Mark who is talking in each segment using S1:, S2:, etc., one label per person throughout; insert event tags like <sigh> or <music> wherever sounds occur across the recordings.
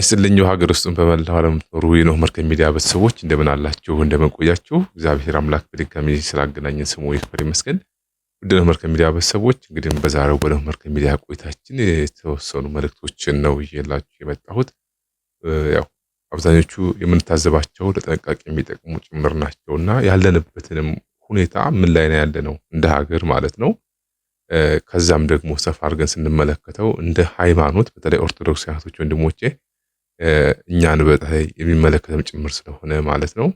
S1: ይስጥልኝ ሀገር ውስጥ በመላው ዓለም ኖሩ የኖህ መርከብ ሚዲያ ቤተሰቦች እንደምን አላችሁ? እንደምን ቆያችሁ? እግዚአብሔር አምላክ በድጋሚ ስላገናኘን ስሙ ይክበር ይመስገን። ወደ ኖህ መርከብ ሚዲያ ቤተሰቦች እንግዲህ በዛሬው በኖህ መርከብ ሚዲያ ቆይታችን የተወሰኑ መልእክቶችን ነው እየላችሁ የመጣሁት። ያው አብዛኞቹ የምንታዘባቸው ለጥንቃቄ የሚጠቅሙ ጭምር እና ያለንበትንም ሁኔታ ምን ላይ ነው ያለ ነው እንደ ሀገር ማለት ነው ከዛም ደግሞ ሰፋ አድርገን ስንመለከተው እንደ ሃይማኖት በተለይ ኦርቶዶክስ ወንድሞቼ እኛን በጣይ የሚመለከትም ጭምር ስለሆነ ማለት ነው።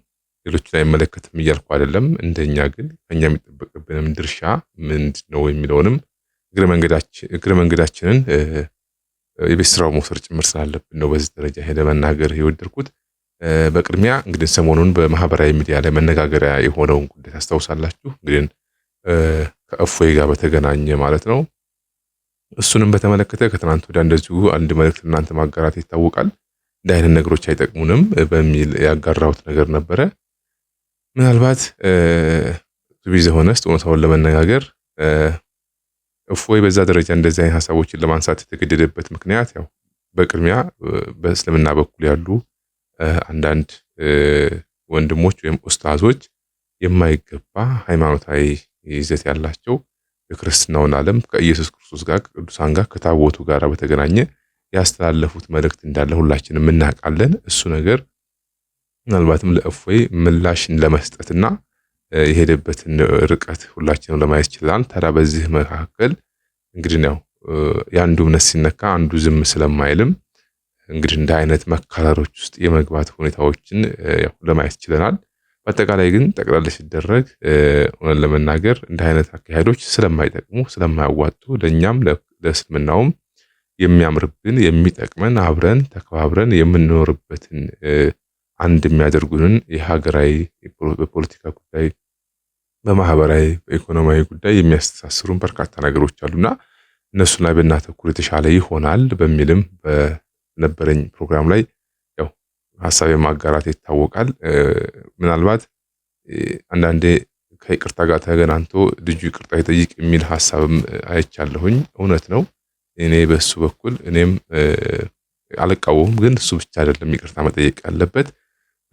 S1: ሌሎችን አይመለከትም እያልኩ አይደለም። እንደኛ ግን ከኛ የሚጠበቅብንም ድርሻ ምንድን ነው የሚለውንም እግረ መንገዳችንን የቤት ስራው መውሰድ ጭምር ስላለብን ነው በዚህ ደረጃ ሄደ መናገር የወደድኩት። በቅድሚያ እንግዲህ ሰሞኑን በማህበራዊ ሚዲያ ላይ መነጋገሪያ የሆነውን ጉዳይ ታስታውሳላችሁ። እንግዲህ ከእፎይ ጋር በተገናኘ ማለት ነው። እሱንም በተመለከተ ከትናንት ወዲያ እንደዚሁ አንድ መልእክት እናንተ ማጋራት ይታወቃል። እንዲህ አይነት ነገሮች አይጠቅሙንም በሚል ያጋራሁት ነገር ነበረ። ምናልባት ቱቢዝ የሆነ እውነታውን ለመነጋገር እፎይ በዛ ደረጃ እንደዚህ አይነት ሀሳቦችን ለማንሳት የተገደደበት ምክንያት ያው በቅድሚያ በእስልምና በኩል ያሉ አንዳንድ ወንድሞች ወይም ኡስታዞች የማይገባ ሃይማኖታዊ ይዘት ያላቸው የክርስትናውን ዓለም ከኢየሱስ ክርስቶስ ጋር ቅዱሳን ጋር ከታቦቱ ጋር በተገናኘ ያስተላለፉት መልእክት እንዳለ ሁላችንም እናውቃለን። እሱ ነገር ምናልባትም ለእፎይ ምላሽን ለመስጠትና የሄደበትን ርቀት ሁላችንም ለማየት ይችላል። ታዲያ በዚህ መካከል እንግዲህ ነው የአንዱ እምነት ሲነካ አንዱ ዝም ስለማይልም እንግዲህ እንደ አይነት መካረሮች ውስጥ የመግባት ሁኔታዎችን ለማየት ይችለናል። በአጠቃላይ ግን ጠቅላላ ሲደረግ እውነት ለመናገር እንደ አይነት አካሄዶች ስለማይጠቅሙ ስለማያዋጡ ለእኛም ለእስልምናውም የሚያምርብን የሚጠቅመን አብረን ተከባብረን የምንኖርበትን አንድ የሚያደርጉንን የሀገራዊ በፖለቲካ ጉዳይ፣ በማህበራዊ፣ በኢኮኖሚያዊ ጉዳይ የሚያስተሳስሩን በርካታ ነገሮች አሉና እነሱ ላይ ብናተኩር የተሻለ ይሆናል በሚልም በነበረኝ ፕሮግራም ላይ ያው ሀሳብ የማጋራት ይታወቃል። ምናልባት አንዳንዴ ከይቅርታ ጋር ተገናንቶ ልጁ ይቅርታ ይጠይቅ የሚል ሀሳብም አይቻለሁኝ። እውነት ነው። እኔ በሱ በኩል እኔም አልቃወሙም። ግን እሱ ብቻ አይደለም ይቅርታ መጠየቅ ያለበት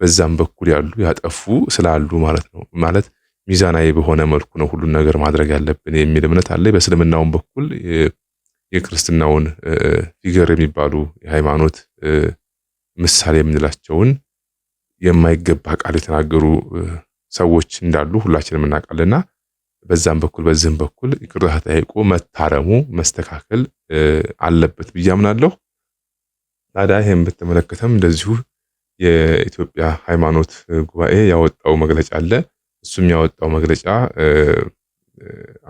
S1: በዛም በኩል ያሉ ያጠፉ ስላሉ ማለት ነው። ማለት ሚዛናዊ በሆነ መልኩ ነው ሁሉን ነገር ማድረግ ያለብን የሚል እምነት አለ። በእስልምናውም በኩል የክርስትናውን ፊገር የሚባሉ የሃይማኖት ምሳሌ የምንላቸውን የማይገባ ቃል የተናገሩ ሰዎች እንዳሉ ሁላችንም እናውቃለንና በዛም በኩል በዚህም በኩል ይቅርታ ጠይቆ መታረሙ መስተካከል አለበት ብዬ አምናለሁ። ታዲያ ይህም በተመለከተም እንደዚሁ የኢትዮጵያ ሃይማኖት ጉባኤ ያወጣው መግለጫ አለ። እሱም ያወጣው መግለጫ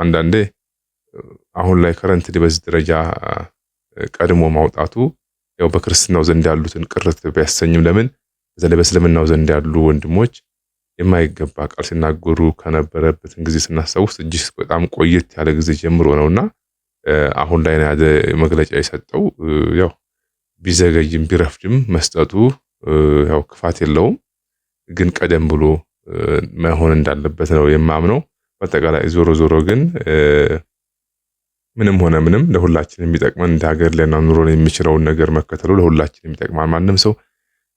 S1: አንዳንዴ አሁን ላይ ከረንት በዚህ ደረጃ ቀድሞ ማውጣቱ ያው በክርስትናው ዘንድ ያሉትን ቅርት ቢያሰኝም ለምን በተለይ በእስልምናው ዘንድ ያሉ ወንድሞች የማይገባ ቃል ሲናገሩ ከነበረበትን ጊዜ ስናስታውስ እጅግ በጣም ቆየት ያለ ጊዜ ጀምሮ ነውና አሁን ላይ ያደ መግለጫ የሰጠው ያው ቢዘገይም ቢረፍድም መስጠቱ ያው ክፋት የለውም፣ ግን ቀደም ብሎ መሆን እንዳለበት ነው የማምነው። በአጠቃላይ ዞሮ ዞሮ ግን ምንም ሆነ ምንም ለሁላችን የሚጠቅመን እንደ ሀገር ኑሮን የሚችለውን ነገር መከተሉ ለሁላችን የሚጠቅማል። ማንም ሰው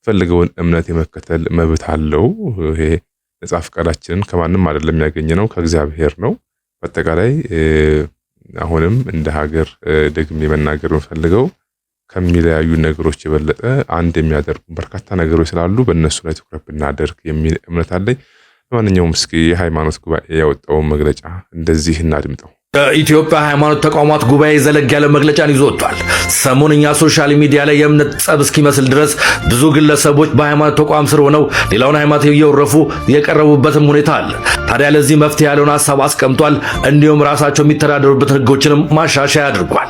S1: ፈልገውን እምነት የመከተል መብት አለው። ይሄ ነጻ ፈቃዳችንን ከማንም አይደለም ያገኘ ነው፣ ከእግዚአብሔር ነው። በአጠቃላይ አሁንም እንደ ሀገር ደግሜ መናገር የምፈልገው ከሚለያዩ ነገሮች የበለጠ አንድ የሚያደርጉ በርካታ ነገሮች ስላሉ በእነሱ ላይ ትኩረት ብናደርግ የሚል እምነት አለኝ። ለማንኛውም እስኪ የሃይማኖት ጉባኤ ያወጣውን መግለጫ እንደዚህ እናድምጠው።
S2: የኢትዮጵያ ሃይማኖት ተቋማት ጉባኤ ዘለግ ያለ መግለጫን ይዞ ወጥቷል። ሰሞንኛ ሶሻል ሚዲያ ላይ የእምነት ጸብ እስኪመስል ድረስ ብዙ ግለሰቦች በሃይማኖት ተቋም ስር ሆነው ሌላውን ሃይማኖት እየወረፉ የቀረቡበትም ሁኔታ አለ። ታዲያ ለዚህ መፍትሄ ያለውን ሀሳብ አስቀምጧል። እንዲሁም ራሳቸው የሚተዳደሩበት ህጎችንም ማሻሻያ አድርጓል።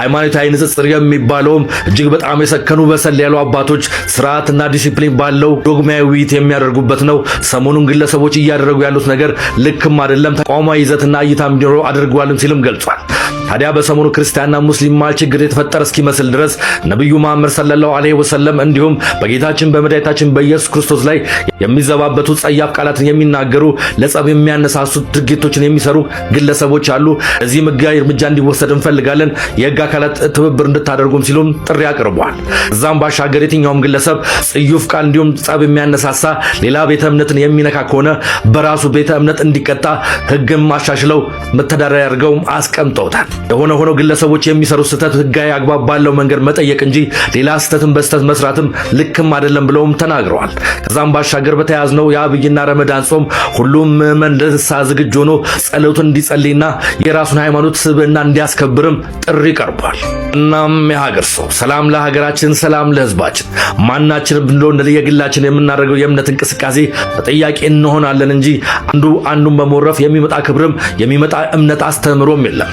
S2: ሃይማኖታዊ ንጽጽር የሚባለውም እጅግ በጣም የሰከኑ በሰል ያሉ አባቶች ስርዓትና ዲሲፕሊን ባለው ዶግማዊ ውይይት የሚያደርጉበት ነው። ሰሞኑን ግለሰቦች እያደረጉ ያሉት ነገር ልክም አይደለም፣ ተቋማዊ ይዘትና እይታ እንዲኖረው አድርጓልም ሲልም ገልጿል። ታዲያ በሰሞኑ ክርስቲያንና ሙስሊም መሃል ችግር የተፈጠረ እስኪመስል ድረስ ነብዩ መሐመድ ሰለላሁ ዐለይሂ ወሰለም እንዲሁም በጌታችን በመድኃኒታችን በኢየሱስ ክርስቶስ ላይ የሚዘባበቱ ጸያፍ ቃላትን የሚናገሩ ለጸብ የሚያነሳሱ ድርጊቶችን የሚሰሩ ግለሰቦች አሉ። እዚህ ሕጋዊ እርምጃ እንዲወሰድ እንፈልጋለን። የህግ አካላት ትብብር እንድታደርጉም ሲሉም ጥሪ አቅርቧል። እዛም ባሻገር የትኛውም ግለሰብ ጽዩፍ ቃል እንዲሁም ጸብ የሚያነሳሳ ሌላ ቤተ እምነትን የሚነካ ከሆነ በራሱ ቤተ እምነት እንዲቀጣ ህግም አሻሽለው መተዳደሪያ አድርገውም አስቀምጠውታል። የሆነ ሆኖ ግለሰቦች የሚሰሩት ስህተት ህጋዊ አግባብ ባለው መንገድ መጠየቅ እንጂ ሌላ ስህተትን በስህተት መስራትም ልክም አይደለም ብለውም ተናግረዋል። ከዛም ባሻገር በተያዝነው የአብይና ረመዳን ጾም ሁሉም ምዕመን ለንስሐ ዝግጅ ሆኖ ጸሎቱን እንዲጸልይና የራሱን ሃይማኖት ስብዕና እንዲያስከብርም ጥሪ ቀርቧል። እናም የሀገር ሰው ሰላም ለሀገራችን፣ ሰላም ለህዝባችን፣ ማናችን ብንሆን የግላችን የምናደርገው የእምነት እንቅስቃሴ ተጠያቂ እንሆናለን እንጂ አንዱ አንዱን በመወረፍ የሚመጣ ክብርም የሚመጣ እምነት አስተምሮም የለም።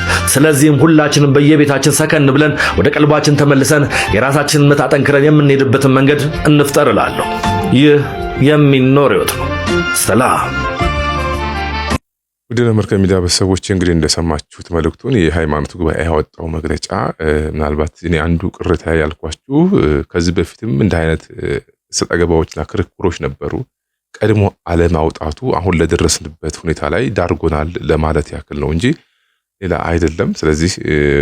S2: ስለዚህም ሁላችንም በየቤታችን ሰከን ብለን ወደ ቀልባችን ተመልሰን የራሳችንን እምነት አጠንክረን የምንሄድበትን መንገድ እንፍጠር እላለሁ። ይህ የሚኖር ሕይወት ነው። ሰላም
S1: ወደ መርከብ ሚዲያ ቤተሰቦች እንግዲህ እንደሰማችሁት መልእክቱን የሃይማኖት ጉባኤ ያወጣው መግለጫ ምናልባት እኔ አንዱ ቅሬታ ያልኳችሁ ከዚህ በፊትም እንደ አይነት ስጠገባዎችና ክርክሮች ነበሩ። ቀድሞ አለማውጣቱ አሁን ለደረስንበት ሁኔታ ላይ ዳርጎናል ለማለት ያክል ነው እንጂ ሌላ አይደለም። ስለዚህ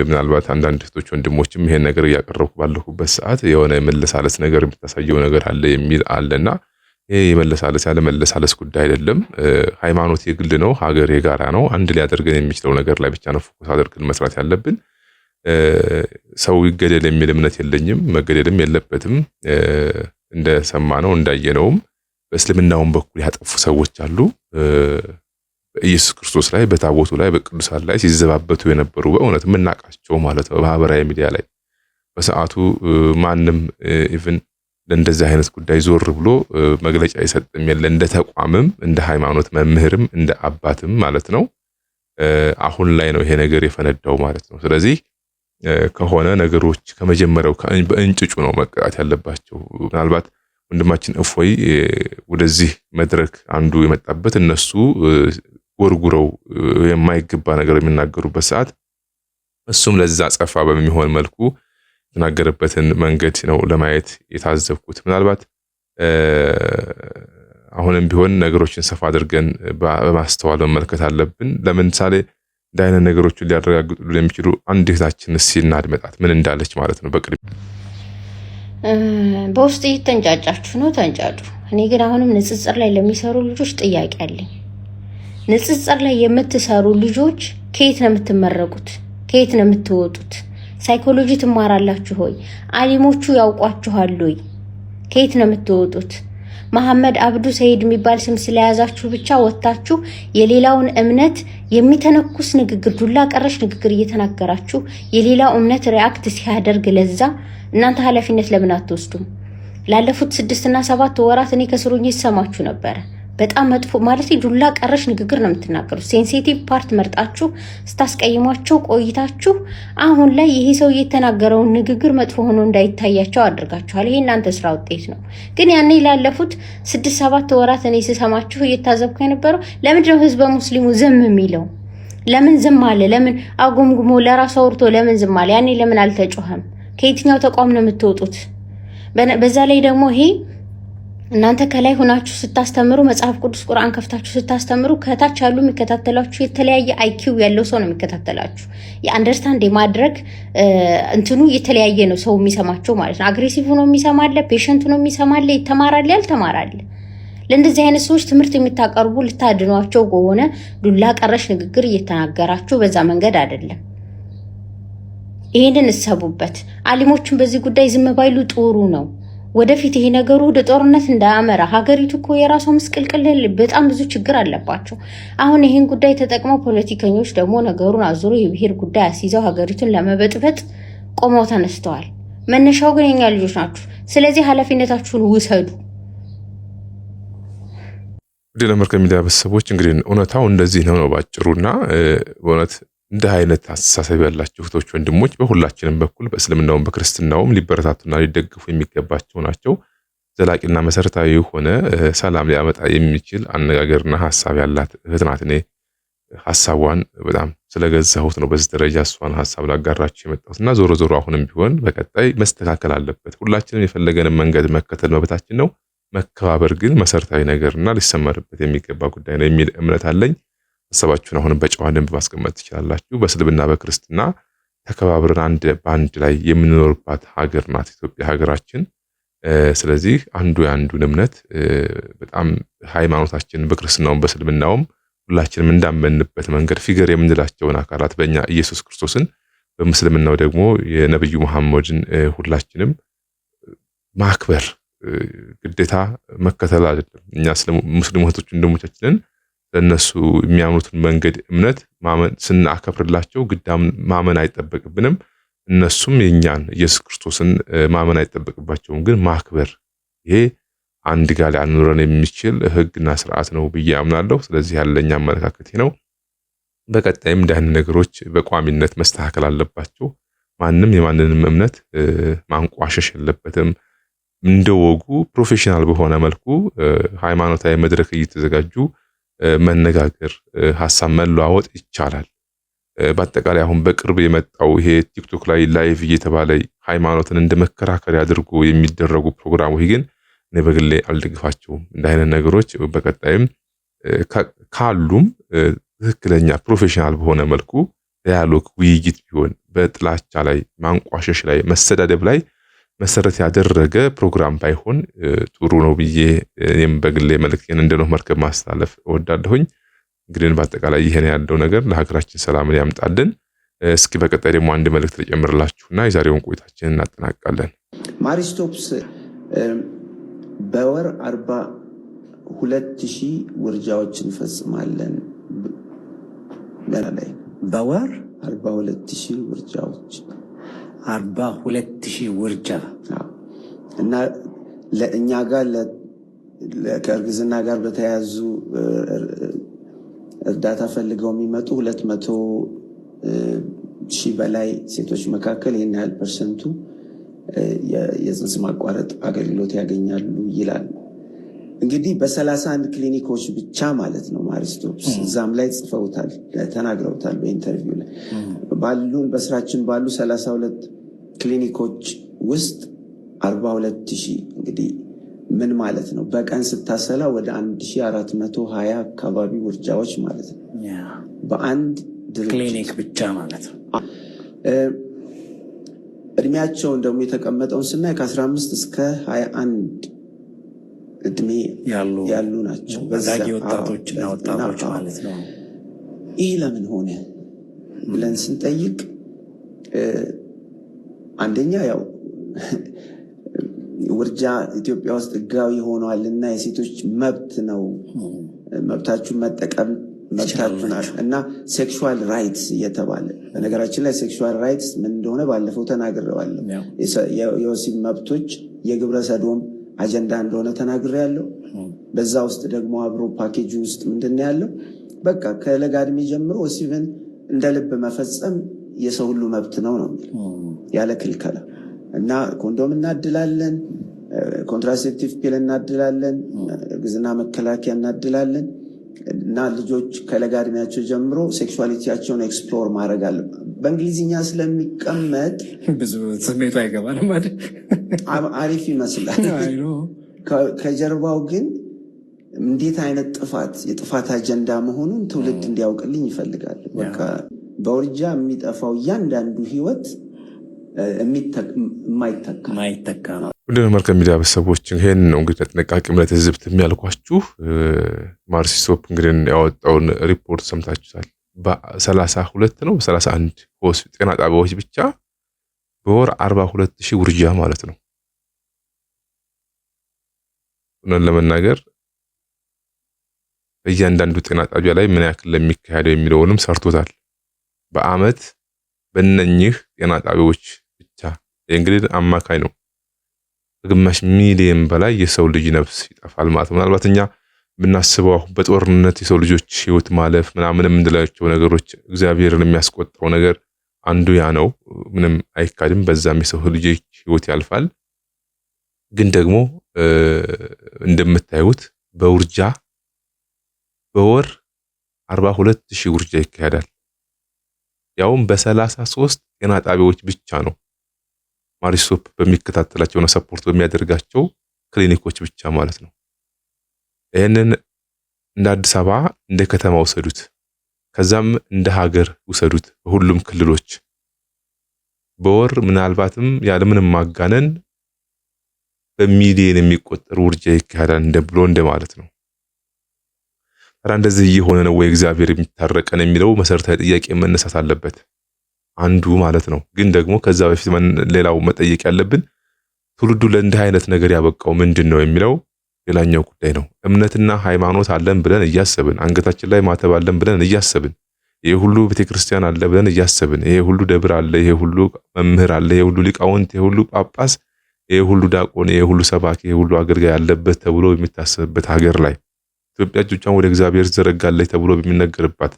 S1: ምናልባት አንዳንድ እህቶች ወንድሞችም ይሄን ነገር እያቀረብኩ ባለሁበት ሰዓት የሆነ የመለሳለስ ነገር የምታሳየው ነገር አለ የሚል አለና ይሄ የመለሳለስ ያለ መለሳለስ ጉዳይ አይደለም። ሃይማኖት የግል ነው፣ ሀገር የጋራ ነው። አንድ ሊያደርገን የሚችለው ነገር ላይ ብቻ ነው ፎከስ አድርገን መስራት ያለብን። ሰው ይገደል የሚል እምነት የለኝም፣ መገደልም የለበትም። እንደሰማ ነው እንዳየነውም በእስልምናውም በኩል ያጠፉ ሰዎች አሉ። በኢየሱስ ክርስቶስ ላይ በታቦቱ ላይ በቅዱሳን ላይ ሲዘባበቱ የነበሩ በእውነት የምናውቃቸው ማለት ነው። በማህበራዊ ሚዲያ ላይ በሰዓቱ ማንም ኢቭን ለእንደዚህ አይነት ጉዳይ ዞር ብሎ መግለጫ አይሰጥም የለ እንደ ተቋምም እንደ ሃይማኖት መምህርም እንደ አባትም ማለት ነው። አሁን ላይ ነው ይሄ ነገር የፈነዳው ማለት ነው። ስለዚህ ከሆነ ነገሮች ከመጀመሪያው በእንጭጩ ነው መቀጣት ያለባቸው። ምናልባት ወንድማችን እፎይ ወደዚህ መድረክ አንዱ የመጣበት እነሱ ጎርጉረው የማይገባ ነገር የሚናገሩበት ሰዓት እሱም ለዛ ጸፋ በሚሆን መልኩ የተናገረበትን መንገድ ነው ለማየት የታዘብኩት። ምናልባት አሁንም ቢሆን ነገሮችን ሰፋ አድርገን በማስተዋል መመልከት አለብን። ለምሳሌ እንደ አይነት ነገሮችን ሊያረጋግጡልን የሚችሉ አንድ እህታችን አድመጣት ምን እንዳለች ማለት ነው። በቅድሚ
S3: በውስጥ ተንጫጫችሁ ነው ተንጫጩ። እኔ ግን አሁንም ንጽጽር ላይ ለሚሰሩ ልጆች ጥያቄ አለኝ። ንጽጽር ላይ የምትሰሩ ልጆች ከየት ነው የምትመረቁት? ከየት ነው የምትወጡት? ሳይኮሎጂ ትማራላችሁ ሆይ? አሊሞቹ ያውቋችኋል ሆይ? ከየት ነው የምትወጡት? መሐመድ አብዱ ሰይድ የሚባል ስም ስለያዛችሁ ብቻ ወጥታችሁ የሌላውን እምነት የሚተነኩስ ንግግር፣ ዱላ ቀረሽ ንግግር እየተናገራችሁ የሌላው እምነት ሪያክት ሲያደርግ ለዛ እናንተ ኃላፊነት ለምን አትወስዱም? ላለፉት ስድስትና ሰባት ወራት እኔ ከስሩኝ ይሰማችሁ ነበረ። በጣም መጥፎ ማለት ዱላ ቀረሽ ንግግር ነው የምትናገሩት። ሴንሲቲቭ ፓርት መርጣችሁ ስታስቀይሟቸው ቆይታችሁ አሁን ላይ ይሄ ሰው የተናገረውን ንግግር መጥፎ ሆኖ እንዳይታያቸው አድርጋችኋል። ይሄ እናንተ ስራ ውጤት ነው። ግን ያኔ ላለፉት ስድስት ሰባት ወራት እኔ ስሰማችሁ እየታዘብኩ የነበረው ለምንድነው ህዝበ ሙስሊሙ ዝም የሚለው? ለምን ዝም አለ? ለምን አጉምጉሞ ለራሱ አውርቶ ለምን ዝም አለ? ያኔ ለምን አልተጮኸም? ከየትኛው ተቋም ነው የምትወጡት? በዛ ላይ ደግሞ ይሄ እናንተ ከላይ ሆናችሁ ስታስተምሩ መጽሐፍ ቅዱስ ቁርአን ከፍታችሁ ስታስተምሩ ከታች ያሉ የሚከታተላችሁ የተለያየ አይኪው ያለው ሰው ነው የሚከታተላችሁ። የአንደርስታንድ የማድረግ እንትኑ የተለያየ ነው ሰው የሚሰማቸው ማለት ነው። አግሬሲቭ ሆኖ የሚሰማለ፣ ፔሸንት ሆኖ የሚሰማለ፣ ይተማራል፣ ያልተማራል። ለእንደዚህ አይነት ሰዎች ትምህርት የምታቀርቡ ልታድኗቸው ከሆነ ዱላ ቀረሽ ንግግር እየተናገራችሁ በዛ መንገድ አይደለም። ይህንን እሰቡበት። አሊሞችን በዚህ ጉዳይ ዝም ባይሉ ጥሩ ነው። ወደፊት ይሄ ነገሩ ወደ ጦርነት እንዳያመራ ሀገሪቱ እኮ የራሷ ምስቅልቅል በጣም ብዙ ችግር አለባቸው። አሁን ይህን ጉዳይ ተጠቅመው ፖለቲከኞች ደግሞ ነገሩን አዙሮ የብሔር ጉዳይ አስይዘው ሀገሪቱን ለመበጥበጥ ቆመው ተነስተዋል። መነሻው ግን የኛ ልጆች ናችሁ። ስለዚህ ኃላፊነታችሁን ውሰዱ።
S1: ለመርከ ሚዲያ ቤተሰቦች እንግዲህ እውነታው እንደዚህ ነው ነው ባጭሩና በእውነት እንዲህ አይነት አስተሳሰብ ያላቸው እህቶች ወንድሞች በሁላችንም በኩል በእስልምናውም በክርስትናውም ሊበረታቱና ሊደግፉ የሚገባቸው ናቸው። ዘላቂና መሰረታዊ የሆነ ሰላም ሊያመጣ የሚችል አነጋገርና ሀሳብ ያላት እህት ናት። እኔ ሀሳቧን በጣም ስለገዛሁት ነው በዚህ ደረጃ እሷን ሀሳብ ላጋራችሁ የመጣሁት እና ዞሮ ዞሮ አሁንም ቢሆን በቀጣይ መስተካከል አለበት። ሁላችንም የፈለገንን መንገድ መከተል መብታችን ነው። መከባበር ግን መሰረታዊ ነገርና ሊሰመርበት የሚገባ ጉዳይ ነው የሚል እምነት አለኝ። ሀሳባችሁን አሁንም በጨዋ ደንብ ማስቀመጥ ትችላላችሁ። በእስልምና በክርስትና ተከባብረን አንድ በአንድ ላይ የምንኖርባት ሀገር ናት ኢትዮጵያ ሀገራችን። ስለዚህ አንዱ የአንዱን እምነት በጣም ሃይማኖታችን በክርስትናውም በእስልምናውም ሁላችንም እንዳመንበት መንገድ ፊገር የምንላቸውን አካላት በእኛ ኢየሱስ ክርስቶስን በምስልምናው ደግሞ የነብዩ መሐመድን ሁላችንም ማክበር ግዴታ መከተል አይደለም። እኛ ሙስሊም እህቶች ወንድሞቻችንን ለእነሱ የሚያምኑትን መንገድ እምነት ስናከብርላቸው ግዳም ማመን አይጠበቅብንም። እነሱም የእኛን ኢየሱስ ክርስቶስን ማመን አይጠበቅባቸውም። ግን ማክበር ይሄ አንድ ጋር ሊያኖረን የሚችል ህግና ስርዓት ነው ብዬ አምናለሁ። ስለዚህ ያለኝ አመለካከት ነው። በቀጣይም ዳህን ነገሮች በቋሚነት መስተካከል አለባቸው። ማንም የማንንም እምነት ማንቋሸሽ የለበትም። እንደወጉ ፕሮፌሽናል በሆነ መልኩ ሃይማኖታዊ መድረክ እየተዘጋጁ መነጋገር፣ ሀሳብ መለዋወጥ ይቻላል። በአጠቃላይ አሁን በቅርብ የመጣው ይሄ ቲክቶክ ላይ ላይቭ እየተባለ ሃይማኖትን እንደ መከራከሪያ አድርጎ የሚደረጉ ፕሮግራሞች ግን እኔ በግሌ አልደግፋቸውም። እንደ አይነት ነገሮች በቀጣይም ካሉም ትክክለኛ ፕሮፌሽናል በሆነ መልኩ ዳያሎግ ውይይት ቢሆን በጥላቻ ላይ ማንቋሸሽ ላይ መሰዳደብ ላይ መሰረት ያደረገ ፕሮግራም ባይሆን ጥሩ ነው ብዬ እኔም በግሌ መልክቴን እንደ ኖህ መርከብ ማስተላለፍ እወዳለሁኝ። እንግዲህ በአጠቃላይ ይሄን ያለው ነገር ለሀገራችን ሰላምን ያምጣልን። እስኪ በቀጣይ ደግሞ አንድ መልእክት ልጨምርላችሁና የዛሬውን ቆይታችንን እናጠናቃለን።
S4: ማሪስቶፕስ በወር አርባ ሁለት ሺህ ውርጃዎች እንፈጽማለን። በወር አርባ ሁለት ሺህ ውርጃዎች
S5: አርባ ሁለት ሺህ ውርጃ
S4: እና ለእኛ ጋር ከእርግዝና ጋር በተያያዙ እርዳታ ፈልገው የሚመጡ ሁለት መቶ ሺህ በላይ ሴቶች መካከል ይህን ያህል ፐርሰንቱ የፅንስ ማቋረጥ አገልግሎት ያገኛሉ ይላል። እንግዲህ በሰላሳ አንድ ክሊኒኮች ብቻ ማለት ነው ማሪስቶፕስ እዛም ላይ ጽፈውታል፣ ተናግረውታል በኢንተርቪው ላይ ባሉን በስራችን ባሉ ሰላሳ ሁለት ክሊኒኮች ውስጥ አርባ ሁለት ሺህ እንግዲህ ምን ማለት ነው በቀን ስታሰላ ወደ አንድ ሺህ አራት መቶ ሀያ አካባቢ ውርጃዎች ማለት ነው በአንድ
S5: ክሊኒክ ብቻ ማለት ነው።
S4: እድሜያቸውን ደግሞ የተቀመጠውን ስናይ ከ15 እስከ 21 እድሜ ያሉ ናቸው።
S5: ታዳጊ ወጣቶችና ወጣቶች ማለት ነው።
S4: ይህ ለምን ሆነ ብለን ስንጠይቅ አንደኛ ያው <laughs> ውርጃ ኢትዮጵያ ውስጥ ህጋዊ ሆኗል እና የሴቶች መብት ነው። መብታችሁን መጠቀም መብታችሁን እና ሴክሹዋል ራይትስ እየተባለ በነገራችን ላይ ሴክሹዋል ራይትስ ምን እንደሆነ ባለፈው ተናግሬዋለሁ። የወሲብ መብቶች የግብረ ሰዶም አጀንዳ እንደሆነ ተናግሬ ያለው። በዛ ውስጥ ደግሞ አብሮ ፓኬጅ ውስጥ ምንድን ያለው? በቃ ከለጋ ጀምሮ ወሲብን እንደ ልብ መፈጸም የሰው ሁሉ መብት ነው ነው ያለ ክልከላ እና ኮንዶም እናድላለን፣ ኮንትራሴፕቲቭ ፒል እናድላለን፣ እርግዝና መከላከያ እናድላለን እና ልጆች ከለጋ ጀምሮ ሴክሱዋሊቲያቸውን ኤክስፕሎር ማድረግ አለበት። በእንግሊዝኛ ስለሚቀመጥ
S5: ብዙ ስሜቱ አይገባንም።
S4: አሪፍ ይመስላል። ከጀርባው ግን እንዴት አይነት ጥፋት የጥፋት አጀንዳ መሆኑን ትውልድ እንዲያውቅልኝ ይፈልጋል። በውርጃ የሚጠፋው እያንዳንዱ ህይወት የማይተካ
S5: ነው።
S1: ወደ መርከብ ሚዲያ ቤተሰቦች ይህን ነው እንግዲህ ለጥንቃቄ ለትዝብት የሚያልኳችሁ። ማርሲሶፕ እንግዲህ ያወጣውን ሪፖርት ሰምታችሁታል። በሰላሳ ሁለት ነው በሰላሳ አንድ ጤና ጣቢያዎች ብቻ በወር አርባ ሁለት ሺህ ውርጃ ማለት ነው። እውነቱን ለመናገር በእያንዳንዱ ጤና ጣቢያ ላይ ምን ያክል ለሚካሄደው የሚለውንም ሰርቶታል። በአመት በእነኚህ ጤና ጣቢያዎች ብቻ እንግዲህ አማካኝ ነው ከግማሽ ሚሊየን በላይ የሰው ልጅ ነፍስ ይጠፋል ማለት ነው። ምናልባት እኛ ብናስበው አሁን በጦርነት የሰው ልጆች ህይወት ማለፍ ምናምን የምንላቸው ነገሮች እግዚአብሔርን የሚያስቆጣው ነገር አንዱ ያ ነው። ምንም አይካድም። በዛም የሰው ልጆች ህይወት ያልፋል። ግን ደግሞ እንደምታዩት በውርጃ በወር አርባ ሁለት ሺህ ውርጃ ይካሄዳል። ያውም በሰላሳ ሶስት ጤና ጣቢያዎች ብቻ ነው ማሪሶፕ በሚከታተላቸውና ሰፖርት በሚያደርጋቸው ክሊኒኮች ብቻ ማለት ነው። ይህንን እንደ አዲስ አበባ እንደ ከተማ ውሰዱት። ከዛም እንደ ሀገር ውሰዱት። በሁሉም ክልሎች በወር ምናልባትም ያለምንም ማጋነን በሚሊየን የሚቆጠር ውርጃ ይካሄዳል፣ እንደ ብሎ እንደማለት ነው። ታዲያ እንደዚህ እየሆነ ነው ወይ እግዚአብሔር የሚታረቀን የሚለው መሰረታዊ ጥያቄ መነሳት አለበት አንዱ ማለት ነው። ግን ደግሞ ከዛ በፊት ሌላው መጠየቅ ያለብን ትውልዱ ለእንዲህ አይነት ነገር ያበቃው ምንድን ነው የሚለው ሌላኛው ጉዳይ ነው። እምነትና ሃይማኖት አለን ብለን እያሰብን አንገታችን ላይ ማተብ አለን ብለን እያሰብን ይሄ ሁሉ ቤተክርስቲያን አለ ብለን እያሰብን ይሄ ሁሉ ደብር አለ፣ ይሄ ሁሉ መምህር አለ፣ ይሄ ሁሉ ሊቃውንት፣ ይሄ ሁሉ ጳጳስ፣ ይሄ ሁሉ ዳቆን፣ ይሄ ሁሉ ሰባኪ፣ ይሄ ሁሉ አገልጋይ ያለበት ተብሎ የሚታሰብበት ሀገር ላይ ኢትዮጵያ እጆቿን ወደ እግዚአብሔር ዘረጋለች ተብሎ በሚነገርባት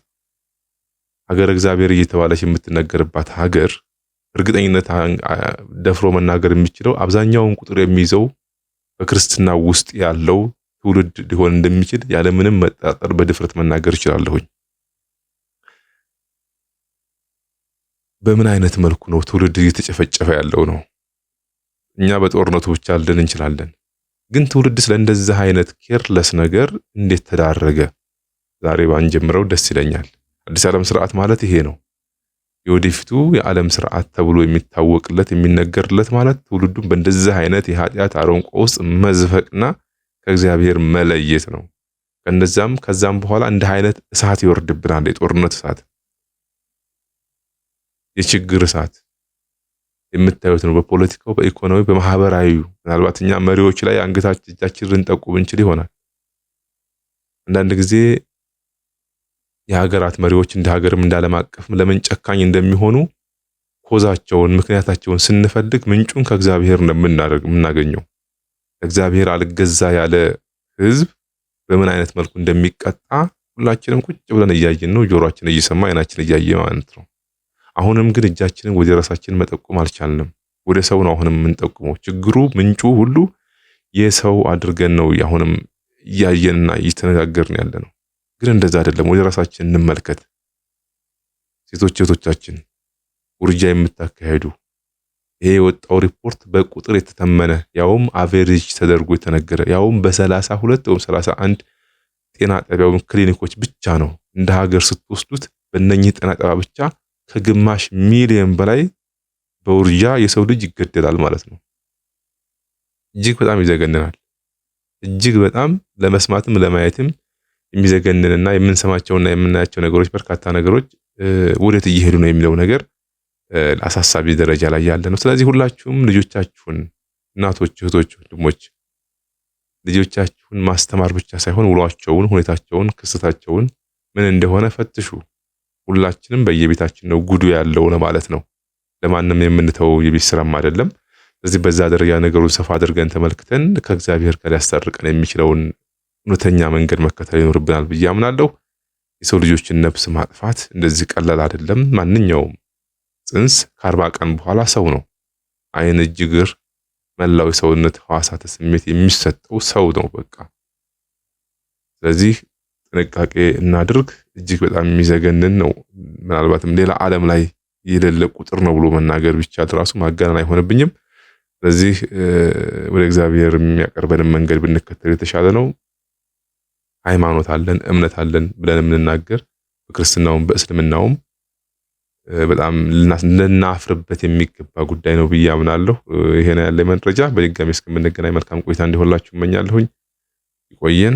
S1: ሀገር እግዚአብሔር እየተባለች የምትነገርባት ሀገር እርግጠኝነት ደፍሮ መናገር የሚችለው አብዛኛውን ቁጥር የሚይዘው በክርስትና ውስጥ ያለው ትውልድ ሊሆን እንደሚችል ያለምንም መጣጠር በድፍረት መናገር እችላለሁኝ። በምን አይነት መልኩ ነው ትውልድ እየተጨፈጨፈ ያለው ነው? እኛ በጦርነቱ ብቻ ልን እንችላለን፣ ግን ትውልድ ስለ እንደዚህ አይነት ኬርለስ ነገር እንዴት ተዳረገ? ዛሬ ባንጀምረው ደስ ይለኛል። አዲስ ዓለም ስርዓት ማለት ይሄ ነው። የወደፊቱ የዓለም ስርዓት ተብሎ የሚታወቅለት የሚነገርለት ማለት ትውልዱን በእንደዚህ አይነት የኃጢአት አረንቋ ውስጥ መዝፈቅና ከእግዚአብሔር መለየት ነው። ከነዛም ከዛም በኋላ እንደ አይነት እሳት ይወርድብናል። የጦርነት እሳት፣ የችግር እሳት የምታዩት ነው። በፖለቲካው፣ በኢኮኖሚ፣ በማህበራዊ ምናልባት እኛ መሪዎች ላይ አንገታችን እጃችን ልንጠቁ ብንችል ይሆናል አንዳንድ ጊዜ የሀገራት መሪዎች እንደ ሀገርም እንደ ዓለም አቀፍም ለምን ጨካኝ እንደሚሆኑ ኮዛቸውን ምክንያታቸውን ስንፈልግ ምንጩን ከእግዚአብሔር ነው የምናገኘው። እግዚአብሔር አልገዛ ያለ ህዝብ በምን አይነት መልኩ እንደሚቀጣ ሁላችንም ቁጭ ብለን እያየን ነው፣ ጆሮአችን እየሰማ አይናችን እያየ ማለት ነው። አሁንም ግን እጃችንን ወደ ራሳችን መጠቆም አልቻልንም። ወደ ሰው ነው አሁንም የምንጠቁመው። ችግሩ ምንጩ ሁሉ የሰው አድርገን ነው አሁንም እያየንና እየተነጋገርን ያለ ነው። ግን እንደዛ አይደለም። ወደ ራሳችን እንመልከት። ሴቶች እህቶቻችን ውርጃ የምታካሄዱ ይሄ የወጣው ሪፖርት በቁጥር የተተመነ ያውም አቬሬጅ ተደርጎ የተነገረ ያውም በሰላሳ ሁለት ወይም ሰላሳ አንድ ጤና ጣቢያ ወይም ክሊኒኮች ብቻ ነው። እንደ ሀገር ስትወስዱት በእነኚህ ጤና ጣቢያ ብቻ ከግማሽ ሚሊዮን በላይ በውርጃ የሰው ልጅ ይገደላል ማለት ነው። እጅግ በጣም ይዘገንናል። እጅግ በጣም ለመስማትም ለማየትም የሚዘገንንና የምንሰማቸውና የምናያቸው ነገሮች በርካታ ነገሮች ወዴት እየሄዱ ነው የሚለው ነገር አሳሳቢ ደረጃ ላይ ያለ ነው። ስለዚህ ሁላችሁም ልጆቻችሁን እናቶች፣ እህቶች፣ ወንድሞች ልጆቻችሁን ማስተማር ብቻ ሳይሆን ውሏቸውን፣ ሁኔታቸውን፣ ክስተታቸውን ምን እንደሆነ ፈትሹ። ሁላችንም በየቤታችን ነው ጉዱ ያለው ማለት ነው። ለማንም የምንተው የቤት ስራም አይደለም። ስለዚህ በዛ ደረጃ ነገሩን ሰፋ አድርገን ተመልክተን ከእግዚአብሔር ጋር ሊያስታርቀን የሚችለውን እውነተኛ መንገድ መከተል ይኖርብናል ብዬ አምናለሁ። የሰው ልጆችን ነፍስ ማጥፋት እንደዚህ ቀላል አይደለም። ማንኛውም ጽንስ ከአርባ ቀን በኋላ ሰው ነው። አይን እጅ፣ እግር፣ መላው የሰውነት ሕዋሳተ ስሜት የሚሰጠው ሰው ነው። በቃ ስለዚህ ጥንቃቄ እናድርግ። እጅግ በጣም የሚዘገንን ነው። ምናልባትም ሌላ ዓለም ላይ የሌለ ቁጥር ነው ብሎ መናገር ብቻ ራሱ ማጋነን አይሆንብኝም። ስለዚህ ወደ እግዚአብሔር የሚያቀርበንን መንገድ ብንከተል የተሻለ ነው። ሃይማኖት አለን እምነት አለን ብለን የምንናገር በክርስትናውም በእስልምናውም በጣም ልናፍርበት የሚገባ ጉዳይ ነው ብዬ አምናለሁ። ይሄ ያለ መረጃ። በድጋሚ እስከምንገናኝ መልካም ቆይታ እንዲሆንላችሁ እመኛለሁኝ። ይቆየን።